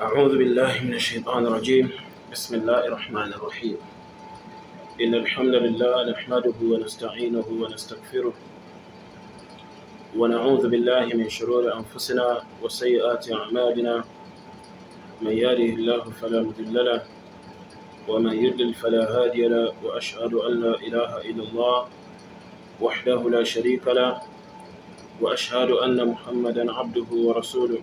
أعوذ بالله من الشيطان الرجيم بسم الله الرحمن الرحيم إن الحمد لله نحمده ونستعينه ونستغفره ونعوذ بالله من شرور أنفسنا وسيئات أعمالنا من يهده الله فلا مضل له ومن يضلل فلا هادي له وأشهد أن لا إله إلا الله وحده لا شريك له وأشهد أن محمدا عبده ورسوله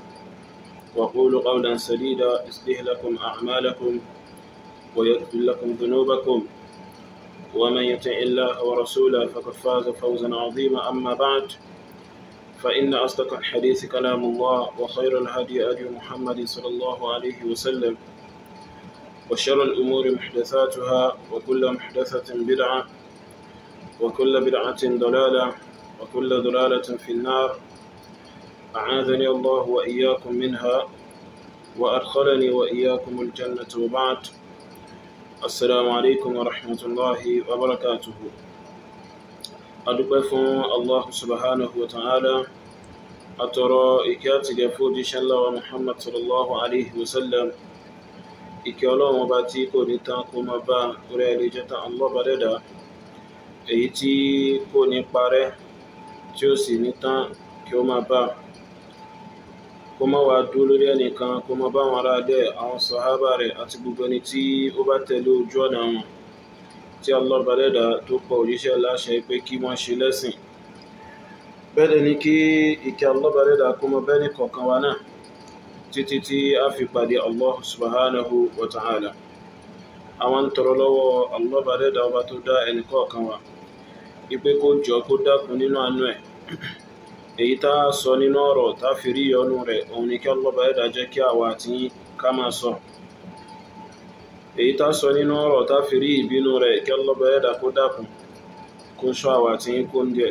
وقولوا قولا سديدا يصلح لكم أعمالكم ويغفر لكم ذنوبكم ومن يطع الله ورسوله فقد فاز فوزا عظيما أما بعد فإن أصدق الحديث كلام الله وخير الهدي هدي محمد صلى الله عليه وسلم وشر الأمور محدثاتها وكل محدثة بدعة وكل بدعة ضلالة وكل ضلالة في النار أعاذني الله وإياكم منها وأدخلني وإياكم الجنة وبعد السلام عليكم ورحمة الله وبركاته أدوكف الله سبحانه وتعالى أترى إكات جفود شلا ومحمد صلى الله عليه وسلم إكالوم باتيكو لتاكو مبا ورالي جتا الله بردا èyí tí kò ní parẹ́ tí kó má wàá dúró lórí ẹnìkan kó má bá wọn ará dẹ àwọn sàhábà rẹ̀ àti gbogbo ẹni tí ó bá tẹ̀lé ojú ọ̀nà wọn tí alọ́balẹ̀dà tó pọ̀ òjíṣẹ́ láṣẹ pé kí wọ́n ṣe lẹ́sìn bẹ́ẹ̀ dẹ̀ ni kí ìkẹ́ alọ́balẹ̀dà kó má bẹ́ẹ̀ ní kọ̀ọ̀kan wa náà títí tí a fi pàdé allah subhanahu wa ta'ala àwọn tọrọ lọ́wọ́ alọ́balẹ̀dà ọba tó dá ẹnì kọ̀ọ̀kan wa ìpè kó jọ kó dákun nínú àánú ẹ̀ èyí tá a sọ nínú ọ̀rọ̀ tá a fi rí ìyọnu rẹ̀ òun ni kí ọlọ́ba ẹ̀dá jẹ́ kí àwa àti ká máa sọ èyí tá a sọ nínú ọ̀rọ̀ tá a fi rí ìbínú rẹ̀ kí ọlọ́ba ẹ̀dá kó dàkùn kó sọ àwa àti kó ń jẹ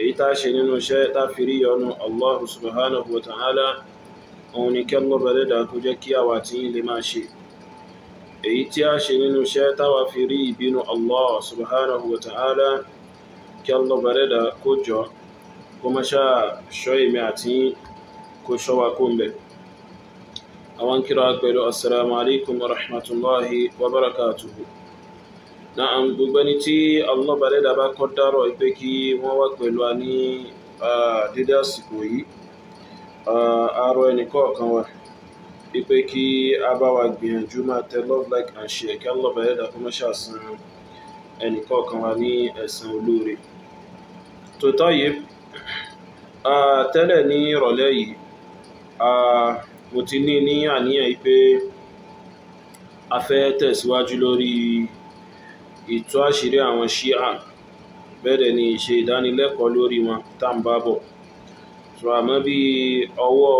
èyí tá a ṣe nínú iṣẹ́ tá a fi rí ìyọnu Allahu subhanahu wa ta'ala òun ni kí ọlọ́ba ẹ̀dá kó jẹ́ kí àwa àti lè máa ṣe èyí tí a ṣe nínú iṣẹ́ táwa fi rí ìbínú Allah subhanahu wa ta'ala kí ọlọ́ba ẹ̀dá kó jọ kó má ṣáà ṣọ́ èmi àti kó ṣọ́ wa kó ń bẹ̀ àwọn kíra pẹ̀lú assalamu alaikum wa rahmatullahi wa barakatuhu na'am gbogbo ẹni tí Allah balẹ̀dà bá kọ́ dárọ̀ pé kí wọ́n wá pẹ̀lú a ní dédé àsìkò yìí àárọ̀ ẹnì kọ̀ọ̀kan wa ipe kí a bá wa gbìyànjú máa tẹ love like and share kí Allah balẹ̀dà kó má ṣàṣàn ẹnì kọ̀ọ̀kan wa ní ẹ̀san olóore tòótọ́ yìí tẹ́lẹ̀ ní ìrọ̀lẹ́ yìí mo ti ní ní àníyàn pé a fẹ́ tẹ̀síwájú lórí ìtú àṣírí àwọn ṣíà bẹ́ẹ̀ ni ṣe ìdánilẹ́kọ̀ọ́ lórí wọn tá à ń bá bọ̀ so àmọ́ bí ọwọ́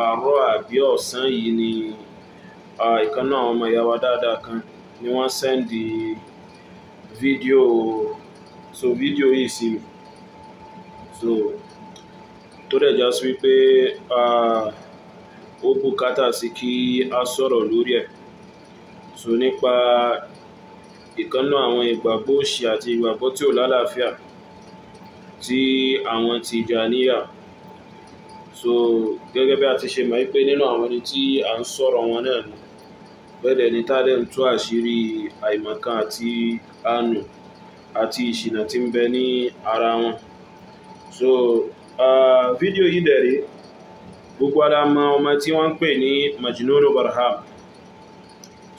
àárọ̀ àbí ọ̀sán yìí ni ìkan náà àwọn ọmọ ìyá wa dáadáa kan ni wọ́n sẹ́ndì fídíò so fídíò yìí sí mi so tó dẹ̀ já sí wípé ó bùkátà sí kí a sọ̀rọ̀ lórí ẹ̀ so nípa ìkànnà àwọn ìgbàgbọ́ òṣì àti ìgbàgbọ́ tí ò lálàáfíà tí àwọn Tìjàníyà so gẹ́gẹ́ bí a ti ṣe mọ̀ pé nínú àwọn ẹni tí à ń sọ̀rọ̀ wọn náà ni bẹ́ẹ̀ ni tádẹ̀ ń tú àṣírí àìmọ̀kan àti àánú àti ìṣìnà tí ń bẹ ní ara wọn so fídíò ah, yìí dẹ̀rẹ̀ gbogbo ara ma ọmọ tí wọ́n ń pè ní majinoro barham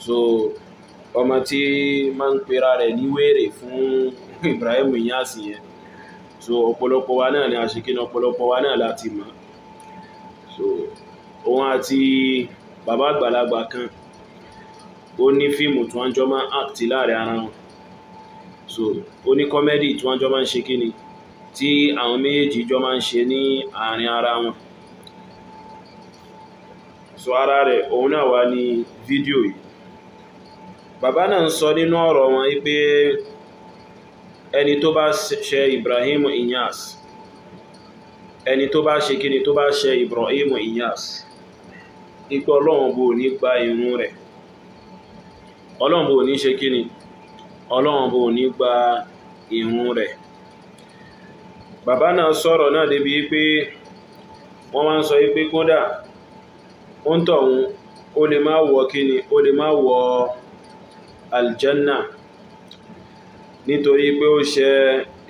so ọmọ tí ma ń pera rẹ̀ ní fún Ibrahim Inyas yẹn so ọ̀pọ̀lọpọ̀ wa náà ni àṣekínà ọ̀pọ̀lọpọ̀ wa náà láti mọ̀ so òun àti bàbá àgbàlagbà kan ó ní fíìmù tí wọ́n jọ máa ń act láàrin ara wọn so ó ní kọ́mẹ́dì tí wọ́n jọ máa ń ṣe kí ni tí àwọn méjì jọ máa ń ṣe ní àárín ara wọn so ara rẹ̀ òun náà wà ní fídíò yìí bàbá náà ń sọ nínú ọ̀rọ̀ wọn pé ẹni tó bá ṣe Ibrahim Inyas ẹni tó bá ṣe kíni tó bá ṣe Ibrahim Inyas ipò ọlọ́run bò ní gba irun rẹ̀ ọlọ́run bò ní ṣe kíni ọlọ́run bò ní gba irun rẹ̀ bàbá náà sọ̀rọ̀ náà débi pé wọ́n máa ń sọ pé kódà ó ń tọ̀hún ó lè má wọ kíni ó lè má wọ aljanna nítorí pé ó ṣe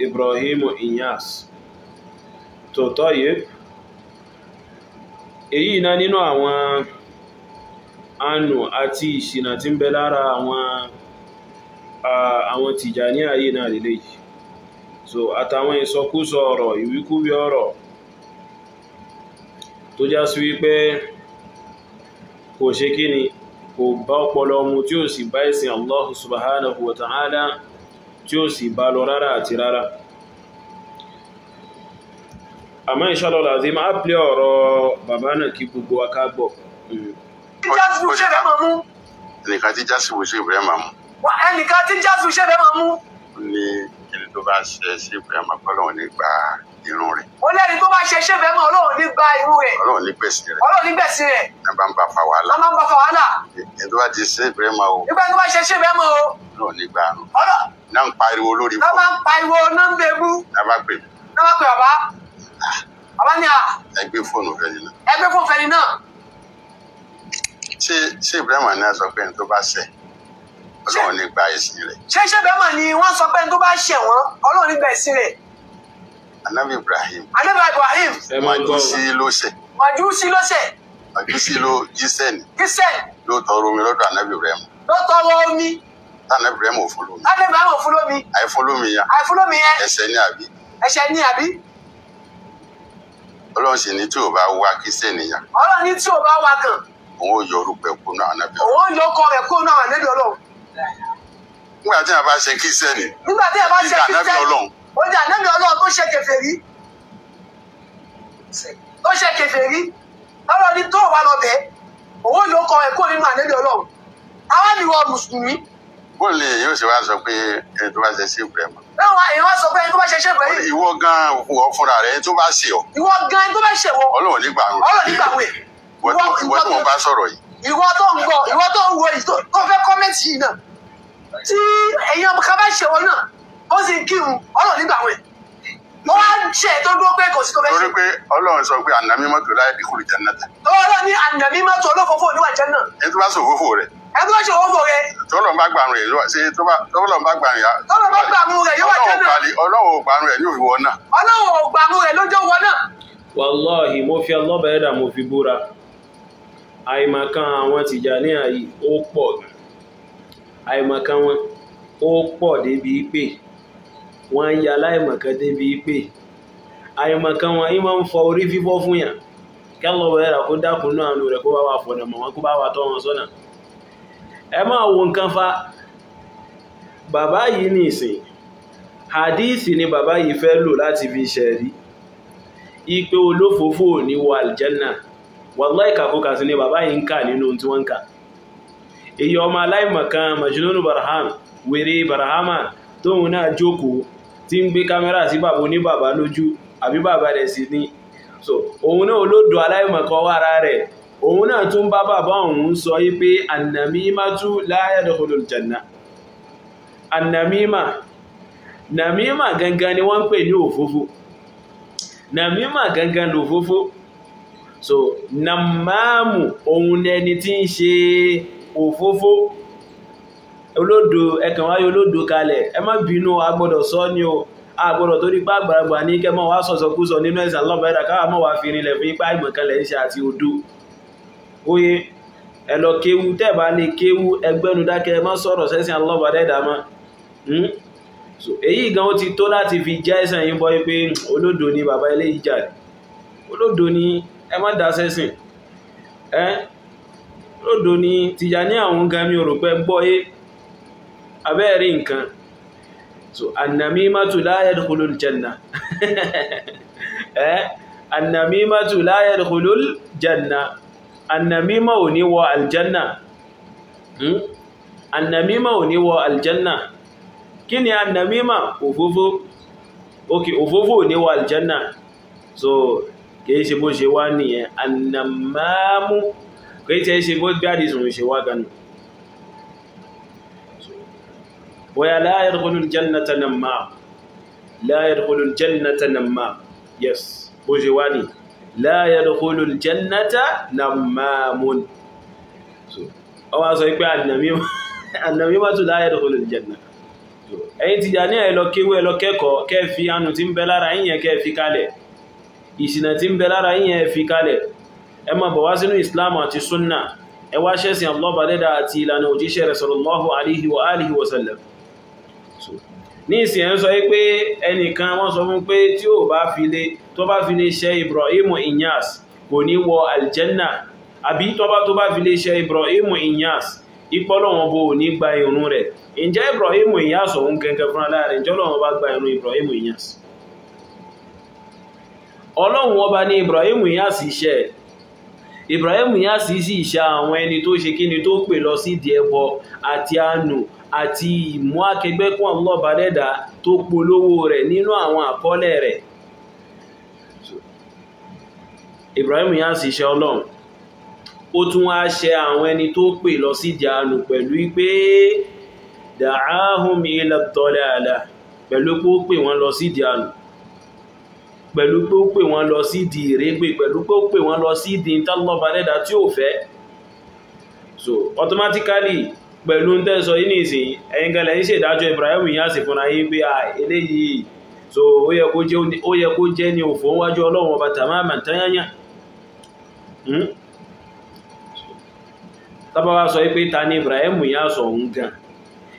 Ibrahim Inyas tó tọ́yé èyí náà nínú àwọn àánú àti ìṣìnà tí ń bẹ lára àwọn àwọn Tìjàníyà yìí náà lélẹ́yìí so àtàwọn ìsọkúsọ ọ̀rọ̀ ìwíkúwí ọ̀rọ̀ tó já sí wípé kò ṣe kí ni kò bá ọpọlọ mu tí ó sì bá ìsìn Allah subhanahu wa ta'ala tí ó sì bá lọ rárá àti rárá àmọ́ ìṣọ́lọ́lá àti máa pè ọ̀rọ̀ bàbá náà kí gbogbo wa ká tí jásù ṣe fẹ́ máa ní tó bá ṣe ṣéfù ẹ̀ máa kọ́ nígbà irun rẹ̀. ó lẹ́ni tó bá ṣe ṣéfù ẹ̀ mọ́ ọlọ́run nígbà irun rẹ̀. ọlọ́run ní gbèsè rẹ̀. ọlọ́run ní gbèsè rẹ̀. ẹ bá ń bá fa wàhálà. ọlọ́run bá fa wàhálà. ẹ tó bá ti ṣéfù ẹ̀ mọ́ o. nígbà tó bá ṣe ṣéfù ẹ̀ mọ́ o. ọlọ́run nígbà irun. ọlọ́run náà ń pariwo lórí fún. náà máa ń pariwo náà ń bẹ mú. náà máa pè ah. à. ẹ gbé fóònù fẹ́ni náà. ẹ gbé fóònù fẹ́ni náà. ṣé ṣé Ibrahim ọlọ́run ní gba ẹ̀sìn rẹ̀. ṣéṣe bẹ́ẹ̀ mọ̀ ni wọ́n sọ pé tó bá ṣẹ̀ wọ́n ọlọ́run ní gba ẹ̀sìn rẹ̀. anabi ibrahim. anabi ibrahim. májúsí ló ṣẹ̀. májúsí ló ṣẹ̀. májúsí ló jíṣẹ́ ni. jíṣẹ́. ló tọrọ omi lọ́dọ̀ anabi ibrahim. ló tọrọ omi. anabi ibrahim ò fún lómi. anabi ibrahim ò fún lómi. àìfún lómi yẹn. àìfún lómi yẹn. ẹ̀ṣẹ̀ ni àbí. ẹ̀ṣẹ̀ ni àbí. ọlọ́run sì ní tí ò bá wá kí sẹ́niyàn. ọlọ́run ní tí o bá wá kàn. òun ò yọ orúkọ ẹ̀ kó náà anabi. òun ò yọ ọkọ rẹ̀ náà anabi ọlọ́run nígbà tí a bá ṣe kírísítẹ́nì nígbà tí a bá ṣe kírísítẹ́nì ó jà nẹ́bí ọlọ́run tó ṣe kèfèrí tó ṣe kèfèrí ọlọ́run ní tó wà lọ́bẹ̀ẹ́ òun ló kọ ẹ̀kọ́ nínú ànẹ́bí ọlọ́run àwọn ìwọ mùsùlùmí. bóun lè yóò ṣe wá sọ pé ẹni tó bá ṣe ṣe ìbúrẹ́ mọ́. báwa èèyàn wá sọ pé ẹni tó bá ṣe ṣe ìbúrẹ́ yìí. ìwọ gan wọ fúnra rẹ ẹni tó bá ṣe ọ. ìwọ gan ẹni tó bá ṣe wọ. ọlọ́run nígbà wẹ. ọlọ́run nígbà wẹ. ìwọ tó ń bá ìwọ tó ń gbọ́ ìwọ tó ń wo tí ẹ̀yin ọmọ ká bá ṣe wọn náà ó sì ń kírun ọlọ́run nígbà wẹ̀ wọ́n wá ṣe tó dúró pé kò sí tó fẹ́ ṣe. torí pé ọlọ́run sọ pé ànàmí mọ́tò láyé bí kùrù jẹ́nà tà. ọlọ́run ní ànàmí mọ́tò olófòfò níwà jẹ́nà. ètò bá sọ òfófó rẹ. ètò bá sọ òfófó rẹ. tọ́lọ̀ bá gbàrún rẹ̀ yóò ṣe tọ́lọ̀ bá gbàrún yá. tọ́lọ̀ bá gbàrún rẹ̀ yóò jẹ́nà. ọlọ́run ò gbàrún rẹ̀ ní òwò náà. ọlọ́run ò gbàrún rẹ̀ lọ́jọ́ wọ náà. wàláhì mo fi ọlọ́bàá ẹ̀dà mo fi búra àìmọ̀kan àwọn tìjà ní àyè ó pọ̀ gan àìmọ̀kan wọn ó pọ̀ débi pé wọ́n ń ya aláìmọ̀kan débi pé àìmọ̀kan wọn yìí máa ń fọ orí fífọ́ fún yàn kẹ́lọ́ wẹ̀rẹ̀ rà kó dákun náà nù rẹ̀ kó bá wa fọ̀nà mọ̀ wọn kó bá wa tọ́ wọn sọ́nà ẹ máa wo nǹkan fa bàbá yìí ní ìsìn hadisi ni bàbá yìí fẹ́ lò láti fi ṣẹ̀rí ipe olófòófó ní wọ àlìjẹ́nà wàláìkàkókà sí ni bàbá yìí ń kà nínú tí wọ́n ń kà èyí ọmọ aláìmọ̀kan majnunu barham wèrè barhama tóun náà jókòó tí ń gbé kámẹ́rà sí bàbá oníbàbá lójú àbí bàbá rẹ̀ sì ni so òun náà olódò aláìmọ̀kan wà ara rẹ̀ òun náà tún bá bàbá òun sọ yí pé annamimatu la yadkhulul janna annamima namima gangan ni wọ́n ń pè ní òfófó namima gangan lòfófó so namamu òun ẹni tí ń ṣe òfófó olódo ẹkàn wáyé olódo kalẹ̀ ẹ má bínú a gbọ́dọ̀ sọ ni o a gbọ́dọ̀ torí pé àgbàlagbà ní kẹ́ mọ́ wá sọ̀sọ̀kúsọ nínú ẹ̀sán lọ́bẹ̀ẹ́dà káwà mọ́ wá fi rinlẹ̀ fún ipá ìmọ̀kanlẹ̀ ń ṣe àti odó oye ẹ lọ kéwu tẹ́ẹ̀bá lè kéwu ẹgbẹ́nu dákẹ́ ẹ má sọ̀rọ̀ sẹ́sìn alọ́bàdẹ́dà mọ́ hmm? so èyí gan ó ti tó láti fi jẹ́ ẹ̀sìn yín bọ́ pé hmm, olódo ni bàbá eléyìí jà olódo ni ẹ má dá sẹ́sìn ẹ́ lódò ni Tìjàní àwọn ga mi rò pé gbọ́ yé abẹ́ẹ̀rí nǹkan so annamimatu la yadkhulul janna eh annamimatu la yadkhulul janna annamima ò ní wọ aljanna hmm? annamima ò ní wọ aljanna kí ni annamima òfófó ok òfófó ò ní wọ aljanna so kìí ṣe bó ṣe wá nìyẹn annamamu kìí ṣe bí àdìsùn ṣe wá ganu wọ́yá láyé rúkúnlù jannata nan ma láyé rúkúnlù jannata nan ma yes bó ṣe wá ní láyé rúkúnlù jannata nan ma mún ọwá sọ pé annami wátù láyé rúkúnlù jannata ẹ̀yin Tìjàní ẹ̀lọ kéwé ẹ̀lọ kẹ́kọ̀ọ́ kẹ́ẹ̀fì anu tí ń bẹ lára yíyẹn kẹ́ẹ̀fì kalẹ̀ ẹ máa bọ̀ wá sínú islam àti sunna ẹ wá ṣẹ̀sìn Allah dẹ́dà àti ìlànà òjíṣẹ́ rẹ̀ sallallahu alaihi wa alihi wa sallam ní ìsìn ẹ̀ ń sọ pé ẹnìkan wọ́n sọ fún pé tí ó bá fi lè tó bá fi lè ṣe Ibrahim Inyas kò ní wọ aljanna àbí tó bá tó bá fi lè ṣe Ibrahim Inyas ìpọ́lọ̀wọ̀n gba irun rẹ̀ ǹjẹ́ Ibrahim Inyas bá ní Ibrahim Inyas iṣẹ́ Ibrahim Inyas sì ṣa àwọn ẹni tó ṣe kíni tó pè lọ sí ìdí ẹbọ àti àánú àti ìmú akẹgbẹ́ kún Allah Ọba Adẹ́dàá tó polówó rẹ̀ nínú àwọn àkọọ́lẹ̀ rẹ̀ Ibrahim Inyas sì ṣe ọlọ́run ó tún wá ṣe àwọn ẹni tó pè lọ sí ìdí àánú pẹ̀lú pé da'ahum ila dalala pẹ̀lú pé ó pè wọ́n lọ sí ìdí àánú pẹ̀lú pé ó pè wọ́n lọ sí di ìrégbè pẹ̀lú pé ó pè wọ́n lọ sí di ìtàlọ́ba dẹ́dà tí ò fẹ́ so automatically pẹ̀lú ń tẹ́sọ yìí nìsín ẹ̀yin gẹlẹ̀ ń ṣèdájọ́ Ibrahim yìí àsì fúnra yín pé à eléyìí so ó yẹ kó jẹ́ ní òfò wájú ọlọ́run ọba tàmáàmà tányányà hmm? tábà wá sọ pé ta ni Ibrahim yìí àsọ̀ ń gan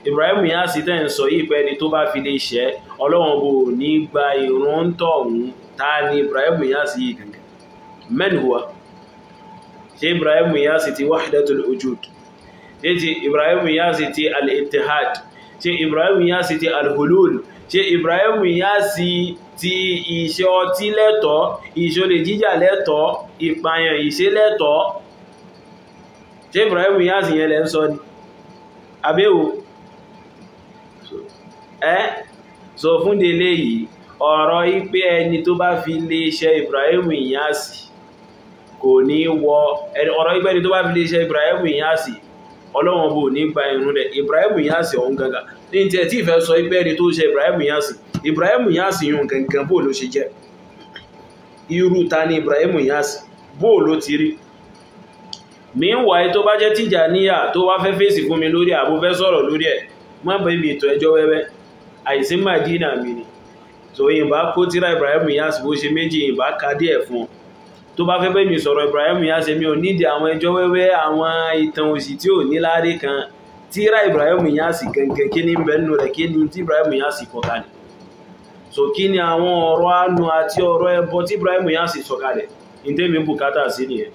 Ibrahim yìí àsì tẹ́ ń sọ yìí pé ẹni tó bá fi lè ṣẹ́ ọlọ́run bò ní gba ìrún tọ̀hún ta ni ibrahim yasi yìí gangan man huwa ṣe ibrahim yasi ti wahdatul wujud ṣe ti ibrahim yasi ti al-ittihad ṣe ibrahim yasi ti al-hulul ṣe ibrahim yasi ti iṣẹ́ ọtí lẹ́tọ̀ iṣẹ́ olè jíjà lẹ́tọ̀ ìpààyàn ìṣe lẹ́tọ̀ ṣe ibrahim yasi yẹn lẹ́ ń sọ ni abẹ́wò ẹ́ sọ fún délé yìí ọ̀rọ̀ ipe ẹni tó bá fi lè ṣe Ibrahim Inyasi kò ní wọ ọ̀rọ̀ ipe ẹni tó bá fi lè ṣe Ibrahim Inyasi ọlọ́wọ́n bò ní gba irun rẹ̀ Ibrahim Inyasi ọ̀hún gangan ní ti ẹ̀ tí ìfẹ́ sọ ipe ẹni tó ṣe Ibrahim Inyasi Ibrahim Inyasi yun gangan bó ló ṣe jẹ́ irú ta ni Ibrahim Inyasi bó ló ti rí meanwhile tó bá jẹ́ Tìjàníyà tó wá fẹ́ fèsì fún mi lórí àbúfẹ́ sọ̀rọ̀ lórí ẹ̀ má bẹ́ẹ̀ bí ètò ẹjọ́ wẹ́wẹ́ àìsí Mádínà mi ni tó yìnbá kó tíra Ibrahim Inyas bó ṣe méjì yìnbá ka díẹ̀ fún tó bá fẹ́ bẹ́ mi sọ̀rọ̀ Ibrahim Inyas mi ò nídìí àwọn ẹjọ́ wẹ́wẹ́ àwọn ìtàn òsì tí ò ní láre kan tíra Ibrahim Inyas gẹ̀ǹgẹ̀ kí ni bẹ́ẹ̀ nù rẹ̀ kí ni tí Ibrahim Inyas kọ̀ kalẹ̀ so kí ni àwọn ọ̀rọ̀ anu àti ọ̀rọ̀ ẹbọ tí Ibrahim Inyas sọ kalẹ̀ ní tẹ́mi bùkátà sí nìyẹn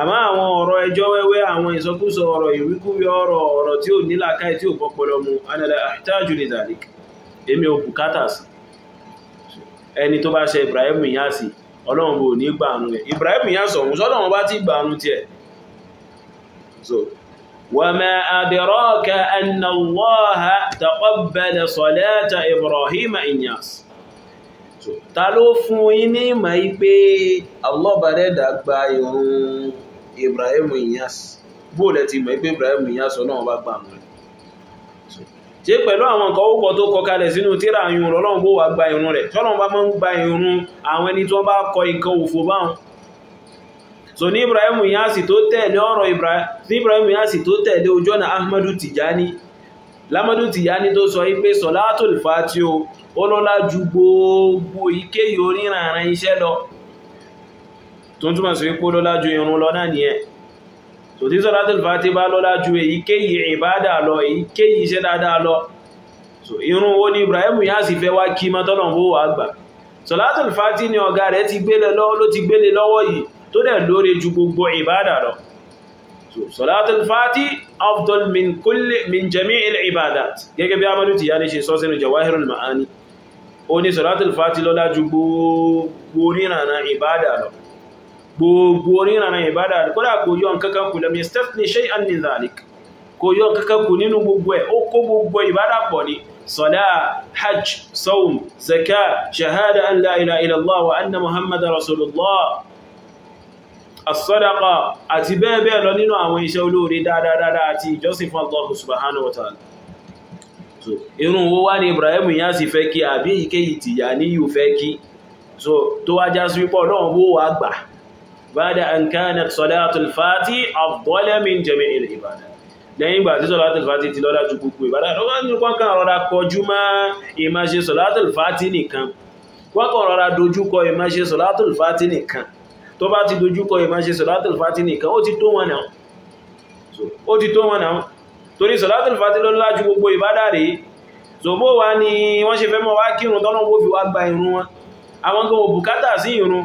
àmọ́ àwọn ọ̀rọ̀ ẹjọ́ wẹ́wẹ́ àwọn ìsọkúsọ ọ̀rọ̀ ìwíkúwí ọ̀rọ̀ ọ̀rọ̀ tí ò nílàkàí tí ò pọpọlọ mu anàlẹ́ àtàjù ní dàlíkì èmi ò bùkátà sí ẹni tó bá ṣe Ibrahim Inyasi ọlọ́run bò ní gbà àánú rẹ̀ Ibrahim Inyasi ọ̀hún sọ́lọ́run bá ti gbà àánú tiẹ̀ so wa ma adraka anna Allaha taqabbala salata Ibrahim Inyasi so ta ló fún yín ní ìmọ̀ yìí pé Allah bá dẹ́dà Ibrahim Inyasi bó ti mọ̀ pé Ibrahim Inyasi ọlọ́run bá gbà àánú ṣe pẹ̀lú àwọn nǹkan ó kọ tó kọ kalẹ̀ sínú tíra àyùn ọlọ́run bó wà gba ìrun rẹ̀ tọ́lọ́run bá máa ń gba ìrun àwọn ẹni tó bá kọ nǹkan òfò báwọn so ní Ibrahim Inyasi tó tẹ̀lé ọ̀rọ̀ Ibrahim Inyasi tó tẹ̀lé ojú ọ̀nà Ahmadu Tijani Lamadu Tijani tó sọ wípé Salatul Fatio ó lọ́lá ju gbogbo ìkéyìí oríranran iṣẹ́ lọ tó túmọ̀ sí wípé ó lọ́lá ju ìrun lọ náà nìyẹn tò tí sọ́látùl fàtí bá lọ́lá ju èyíkéyìí ìbádà lọ èyíkéyìí iṣẹ́ dáadáa lọ so irun wo ni Ibrahim yá sì fẹ́ wá kí mọ́tọ́nà ó wà gbà sọ́látùl fàtí ni ọ̀gá rẹ̀ ti gbélé lọ́wọ́ ló ti gbélé lọ́wọ́ yìí tó dẹ̀ lóore ju gbogbo ìbádà lọ so sọ́látùl fàtí afdal min kulli min jami'il ibadat gẹ́gẹ́ bí amadu ti yá ní ṣe sọ sínú jawahirul ma'ani ó ní sọ́látùl fàtí lọ́lá ju gbogbo ríran ìbádà lọ gbogbo oríran ìbádà kódà kò yọ nǹkankan kù lam yastathni shay'an min dhalik kò yọ nǹkankan kù nínú gbogbo ẹ̀ ó kó gbogbo ìbádà pọ̀ ni sọ̀dá hajj sawm zakat shahada an la ilaha illallah wa anna muhammad rasulullah as-sadaqa àti bẹ́ẹ̀ bẹ́ẹ̀ lọ nínú àwọn iṣẹ́ olóore dáadáa àti ìjọsìn fún allah subhanahu wa ta'ala so irun wo wá ní ibrahim yá sì fẹ́ kí àbí ìkéyìí tìyà ní yóò fẹ́ kí so tó wá já sí wípọ̀ náà wó wá gbà bada an kanat salatul fati afdala min jami'il ibada lẹ́yìn ìgbà tí salatul fati ti lọ́lá ju gbogbo ìbádà wọ́n kàn rọra kọjú mọ́ ìmáṣe salatul fati nìkan wọ́n kàn rọra dojúkọ ìmáṣe salatul tó bá ti dojúkọ ìmáṣe salatul fati nìkan ó ti tó wọn náà ó ti tó wọn náà torí salatul fati lọ́lá ju gbogbo ìbádà rèé zòbó wa ni wọ́n ṣe fẹ́ mọ́ wá kírun tọ́lọ́wọ́ fi wá gba ìrun wọn àwọn tó wọ bùkátà sí ìrun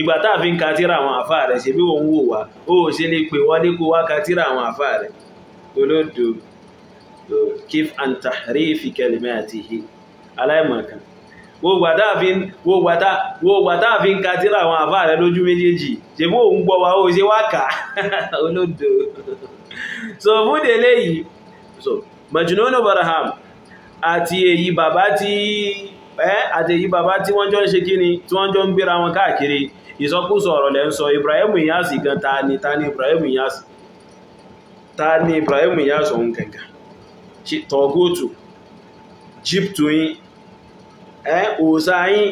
ìgbà tá a fi ń ka tíra àwọn àfa rẹ̀ ṣe bí wọ́n ń wò wá ó ṣe lè pè wọlé kó wá ka tíra àwọn àfa rẹ̀ olódò kif an tahrifi kalimatihi aláìmọ̀kan wo gbàtà fi ń ka tíra àwọn àfáà rẹ lójú méjèèjì ṣe bó ń gbọ́ wa ó ṣe wá kà olódò so fúdè léyìí so Majnun Barham àti èyí bàbá tí ẹ́ àtẹ̀yí bàbá tí wọ́n jọ ń ṣe kíni tí wọ́n jọ ń gbéra wọn káàkiri ìsọkúsọ ọ̀rọ̀ lẹ́ ń sọ Ibrahim Inyas gan ta ni ta ni Ibrahim Inyas ta ni Ibrahim Inyas òun gàngàn tọ̀góòtù jíptù yín ẹ́ òòsà yín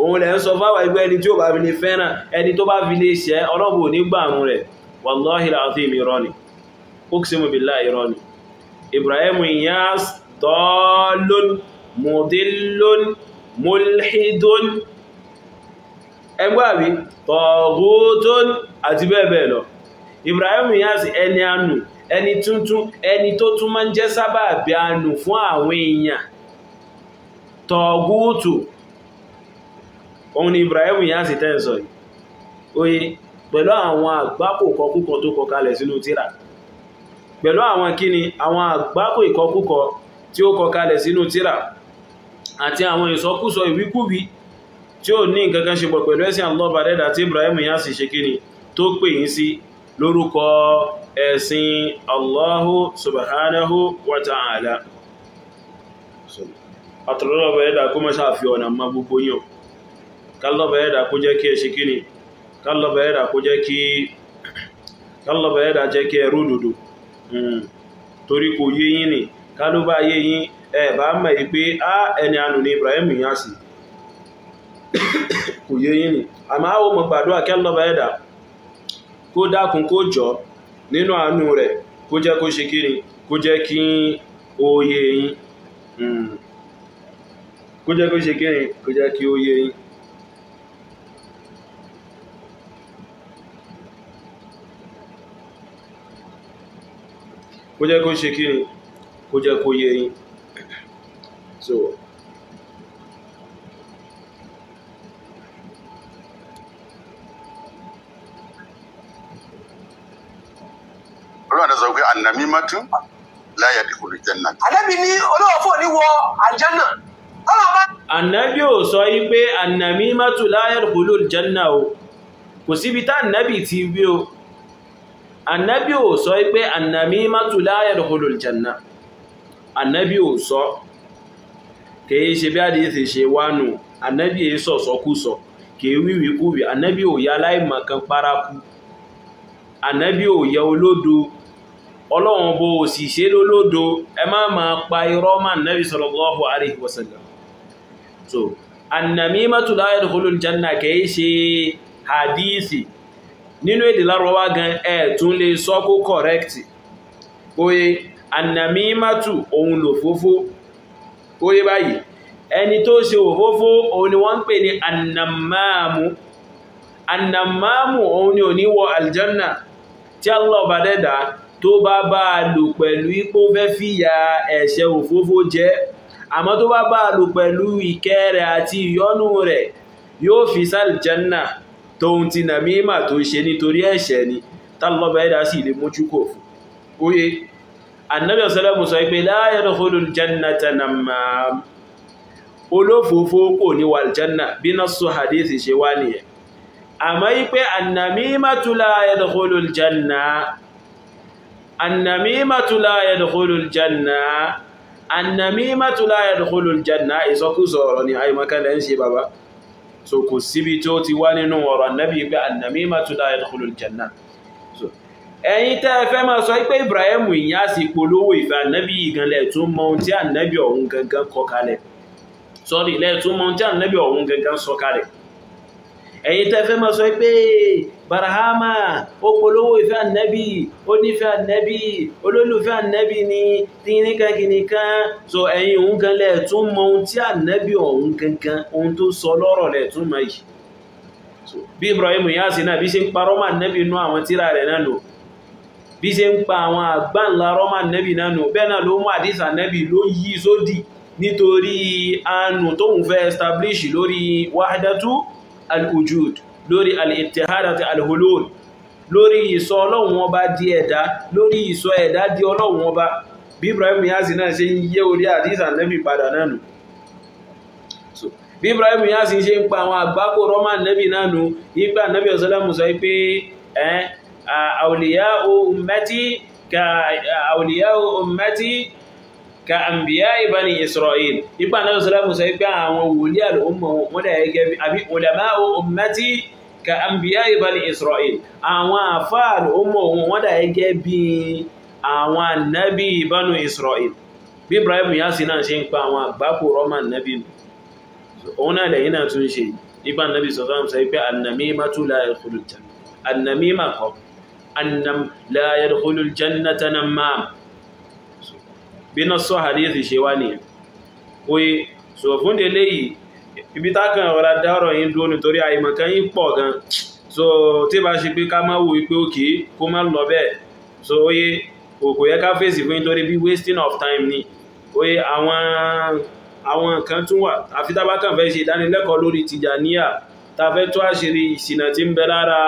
òun lẹ́ ń sọ fáwọn ẹgbẹ́ ẹni tí ó bá fi lè fẹ́ràn ẹni tó bá fi lè ṣẹ́ ọlọ́bù rẹ̀ wàláhì ni ó kìí sí bí láì mudillun mulhidun ẹgbẹ́ àbí tọ̀gútún àti bẹ́ẹ̀bẹ́ẹ̀ lọ Ibrahim Inyas ẹni anù ẹni tuntun ẹni tó tún máa ń jẹ́ sábàbí anù fún àwọn èèyàn tọ̀gútù òun ni Ibrahim Inyas tẹ́ǹsọ̀ yìí oye pẹ̀lú àwọn àgbákò kọkúkọ tó kọ kalẹ̀ sínú tíra pẹ̀lú àwọn kíni àwọn àgbákò tí ó kọ sínú tíra àti àwọn ìsọkúsọ ìwíkúwí tí ó ní nǹkan kan ṣe pọ̀ pẹ̀lú ẹ̀sìn Allah Ọba Adẹ́dàá tí Ibrahim yá sì ṣe kíni tó pè yín sí lórúkọ ẹ̀sìn Allahu subhanahu wa ta'ala àtọ̀lọ́lọ́bà ẹ̀dà kó mọ́ sáà fi ọ̀nà ma gbogbo yíò kálọ́bà hmm. torí kò yé yín ni kálúbà ayé yín ẹ bá mọ̀ pé á ẹni àánú ni Ibrahim yàn kò yé ni àmọ́ àwọn mọ̀ gbàdúrà kí ọlọ́ba kó dákun kó jọ nínú àánú rẹ̀ kó jẹ́ kó ṣe kí ni kó jẹ́ kí ó yé hmm. kó jẹ́ kó kó jẹ́ kó yé yín so olùwàdà sọ pé ànàmí mọ́tú láyà dìkù lè jẹ́ náà. ànábì ní olóòfò ní wọ àlùjánnà ànábì ò sọ yí pé ànàmí mọ́tú láyà dìkù lè jẹ́ náà o kò síbi tá ànábì ti wí o ànábì ò sọ yí pé ànàmí mọ́tú láyà dìkù lè jẹ́ náà ànábì ò sọ kìí ṣe bí àdìsí ṣe wá nù ànábì èé sọ̀sọ́kùsọ kìí wíwí kúwì ànábì ò yá aláìmọ̀kan paraku ànábì ò yẹ olódo ọlọ́run bó o sì ṣe lólódo ẹ má máa pa irọ́ mà ànábì sallallahu alaihi wasallam so annamimatu la yadkhulul janna kìí ṣe hadisi nínú èdè lárọwá gan ẹ̀ tún lè sọ kó kọ̀rẹ́kìtì oye annamimatu òun lò fófó kó yé báyìí ẹni tó ṣe òfófó òun ni wọ́n ń pè ní annamamu annamamu òun ni ò ní wọ aljanna tí Allah bá dẹ́dà tó bá bá a lò pẹ̀lú ipò fẹ́ fìyà ẹ̀ṣẹ̀ òfófó jẹ́ àmọ́ tó bá bá a lò pẹ̀lú ìkẹ́ rẹ̀ àti ìyọ́nú rẹ̀ yóò fi sáljanna tóun ti nàmímà tó ṣe nítorí ẹ̀ṣẹ̀ ni tálọ́bẹ̀ẹ́dà sì lè mójú fún oye annabi ọ̀sọ́lọ́mù sọ pé la yadkhulul jannata namam olófòófó kò ní wàljanna bí nasu hadithi ṣe wá nìyẹn àmọ́ ipé annamimatu la yadkhulul janna annamimatu la yadkhulul janna annamimatu la yadkhulul janna ìsọkúsọ ọ̀rọ̀ ni àìmọ́kẹ́lẹ̀ ń ṣe bàbá so kò síbi tó ti wá nínú ọ̀rọ̀ annabi pé annamimatu la yadkhulul janna ẹ̀yin tẹ́ ẹ fẹ́ máa sọ pé Ibrahim Inyas polówó ìfẹ́ ànábì ìganlẹ̀ tún mọ ohun tí ànábì ọ̀hún gangan kọ kalẹ̀ sọ́ọ̀rì lẹ́ẹ̀tún mọ ohun tí ànábì ọ̀hún gangan sọ kalẹ̀ ẹ̀yin tẹ́ ẹ fẹ́ máa sọ pé Barahama ó polówó ìfẹ́ ànábì ó nífẹ̀ẹ́ ànábì olólùfẹ́ ànábì ni tìǹkan kìnìkan sọ ẹ̀yin òun gan lẹ́ẹ̀tún mọ ohun tí ànábì ọ̀hún gangan ohun tó sọ lọ́rọ̀ lẹ́ẹ̀tún mọ yìí bí Ibrahim Inyas náà bí ṣe ń parọ́ mọ́ ànábì inú àwọn tíra rẹ̀ náà lò bí ṣe ń pa àwọn àgbàǹlá roman nẹ́bì náà nù bẹ́ẹ̀ náà ló mú àdísà nẹ́bì ló yí sódì nítorí àánú tóun fẹ́ establish lórí wahadatu al-wujud lórí al-ittihadati al-hulul lórí ìsọ ọlọ́run ọba di ẹ̀dá lórí ìsọ ẹ̀dá di ọlọ́run ọba bí Ibrahim Niasse náà ṣe ń yé orí àdísà nẹ́bì padà náà bí Ibrahim Niasse ṣe ń pa àwọn àgbákò roman nẹ́bì náà nù nígbà nẹ́bì ọ̀sọ́lá mùsọ̀ pé ẹ́ أولياء أمتي كأولياء أمتي كأنبياء بني إسرائيل يبقى النبي صلى الله عليه وسلم يقول ولي الأمة أبي علماء أمتي كأنبياء بني إسرائيل àwọn àfáà ọmọ òun wọ́n dà gẹ́gẹ́ bí àwọn ànábì ìbánu Israel bí Ibrahim Yasi náà ṣe ń pa àwọn àgbákò Roman nábì òun náà lẹ́yìn náà tún ṣe nípa nábì sọ́sọ́ àmì sọ pé ànàmí mátúlá ẹ̀kùrùtà ànàmí annam la yadkhulul jannata namam bí náà sọ hadithi ṣe wá nìyẹn oye sọ fún délé yìí ibi tákan ọ̀rọ̀ dáọ̀rọ̀ yìí dúró nítorí àìmọ̀kan yìí pọ̀ gan so tí bá ṣe pé ká má wo pé òkè kó má lọ bẹ́ẹ̀ so oye kò yẹ ká fèsì fún nítorí bí wasting of time ni oye àwọn àwọn kan tún wà àfi tá bá kàn fẹ́ ṣe ìdánilẹ́kọ̀ọ́ lórí Tìjàníyà tá fẹ́ tó àṣírí ìṣìnà tí ń bẹ lára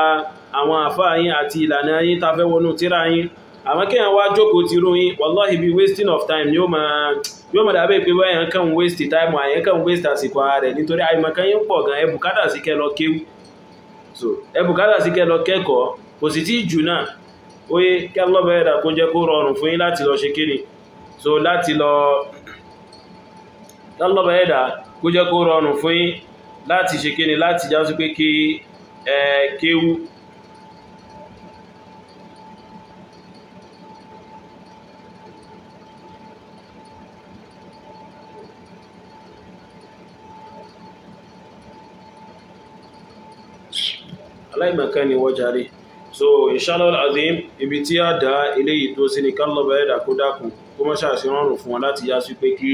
àwọn àfáà yín àti ìlànà yín ta fẹ́ wọnú tíra yín àmọ́ kí wọ́n wá jókòó ti rú yín wallahi bí wasting of time yóò máa yóò máa dàbẹ́ pé wọ́n kàn ń waste time àyẹ̀ kàn ń waste àsìkò ara rẹ̀ nítorí àìmọ̀kan yín pọ̀ gan ẹ̀bùkátà sí kẹ́ lọ kéwù so ẹ̀bùkátà sí kẹ́ lọ kẹ́kọ̀ọ́ kò sì tí jù náà ó yé kí alọ́bẹ̀rẹ̀ dà kó jẹ́ kó rọrùn fún yín láti lọ ṣe kéde so láti lọ lọ́lọ́bẹ̀rẹ̀ dà kó jẹ́ kó rọrùn fún yín láti ṣe kéde láti jásí pé kí ẹ kéwù aláìmọ̀kan ni wọ́n jàre so inshallah azim ibi tí a dá eléyìí tó sí ni kálọ́bà ẹ̀dà kó dákù kó mọ́ ṣàṣì rọrùn fún wọn láti yá sí pé kí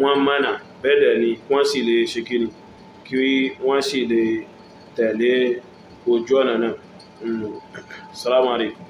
wọ́n mánà bẹ́ẹ̀dẹ̀ ni wọ́n sì lè ṣe kí ni kí wọ́n sì lè tẹ̀lé ojú ọ̀nà náà hmm. salamu alaikum